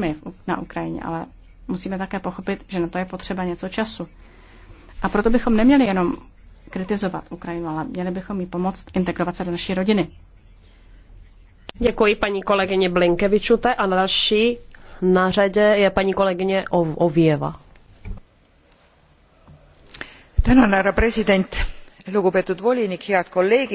lidmi na Ukrajině, ale musíme také pochopit, že na to je potřeba něco času. A proto bychom neměli jenom kritizovat Ukrajinu, ale měli bychom jí pomoct integrovat se do naší rodiny. Děkuji paní kolegyně Blinkevičute a na další na řadě je paní kolegyně Ovieva. Tänan, härra president, lugupeetud volinik, head kolleegid.